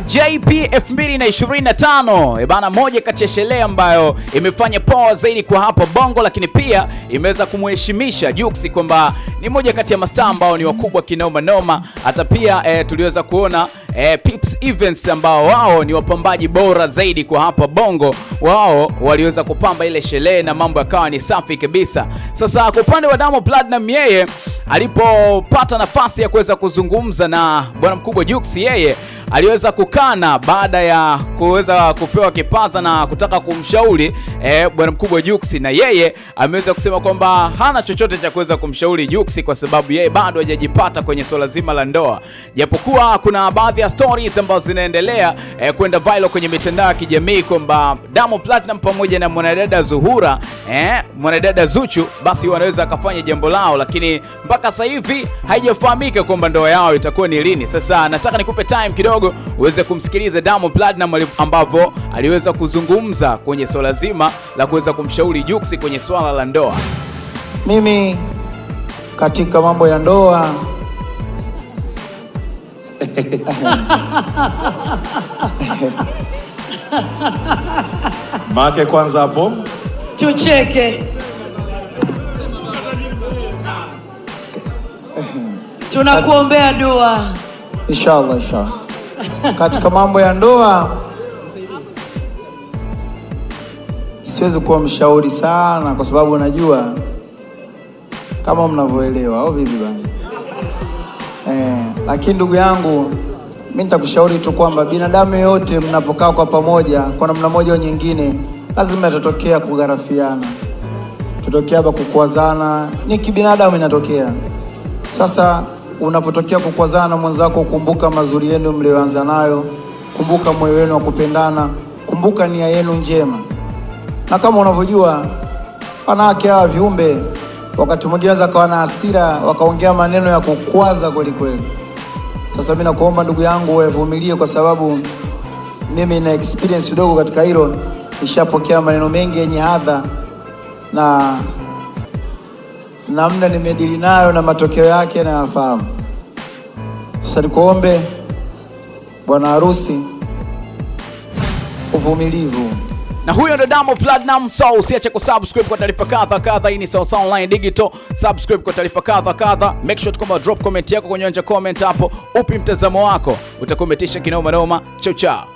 JP 2025 e bana, moja kati ya sherehe ambayo imefanya poa zaidi kwa hapa Bongo, lakini pia imeweza kumheshimisha Jux kwamba ni moja kati ya mastaa ambao ni wakubwa kinoma noma. Hata pia e, tuliweza kuona e, Pips Events ambao wao ni wapambaji bora zaidi kwa hapa Bongo, wao waliweza kupamba ile sherehe na mambo yakawa ni safi kabisa. Sasa kwa upande wa Diamond Platnumz yeye alipopata nafasi ya kuweza kuzungumza na bwana mkubwa Jux yeye aliweza kukana baada ya kuweza kupewa kipaza na kutaka kumshauri eh, bwana mkubwa Jux, na yeye ameweza kusema kwamba hana chochote cha kuweza kumshauri Jux kwa sababu yeye bado hajajipata kwenye swala zima la ndoa, japokuwa kuna baadhi ya stories ambazo zinaendelea eh, kwenda viral kwenye mitandao ya kijamii kwamba Diamond Platinum pamoja na mwanadada Zuhura eh, mwanadada Zuchu basi wanaweza akafanya jambo lao, lakini mpaka sasa hivi haijafahamika kwamba ndoa yao itakuwa ni lini. Sasa nataka nikupe time kidogo kidogo uweze kumsikiliza Diamond Platinum ambavyo aliweza kuzungumza kwenye swala zima la kuweza kumshauri Jux kwenye swala la ndoa. Mimi katika mambo ya ndoa make kwanza hapo tucheke, tunakuombea dua inshallah, inshallah katika mambo ya ndoa siwezi kuwa mshauri sana, kwa sababu najua kama mnavyoelewa, au vipi bana Eh, lakini ndugu yangu, mimi nitakushauri tu kwamba binadamu yote mnapokaa kwa pamoja, kwa namna moja au nyingine, lazima yatatokea kugharafiana, tutokea kukuazana ni kibinadamu inatokea. Sasa unapotokea kukwazana na mwenzako, kumbuka mazuri yenu mliyoanza nayo, kumbuka moyo wenu wa kupendana, kumbuka nia yenu njema. Na kama unavyojua, wanawake hawa viumbe wakati mwingine za kawa na hasira, wakaongea maneno ya kukwaza kweli kweli. Sasa mimi nakuomba ndugu yangu wavumilie, kwa sababu mimi na experience kidogo katika hilo, nishapokea maneno mengi yenye hadha na namna nimedili nayo na matokeo yake nayafahamu. Sasa nikuombe bwana harusi uvumilivu na huyo ndo Diamond Platnumz. So usiache kusubscribe kwa taarifa kadha kadha. Hii ni Sawasawa Online Digital, subscribe kwa taarifa kadha kadha. Make sure tukomba drop comment yako kwenye anja comment hapo, upi mtazamo wako, utakometisha kinoma noma. Chao chao.